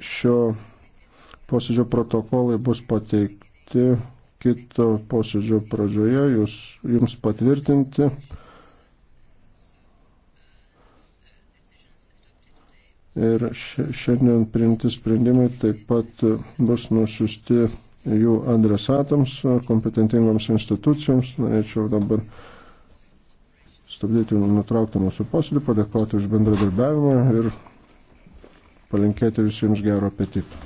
šio posėdžio protokolai bus pateikti kito posėdžio pradžioje, jūs, jums patvirtinti. Ir šiandien priimti sprendimai taip pat bus nusiusti jų adresatams, kompetentingoms institucijoms. Norėčiau dabar stabdyti nutraukti mūsų posėdį, padėkoti už bendradarbiavimą ir palinkėti visiems gero apetito.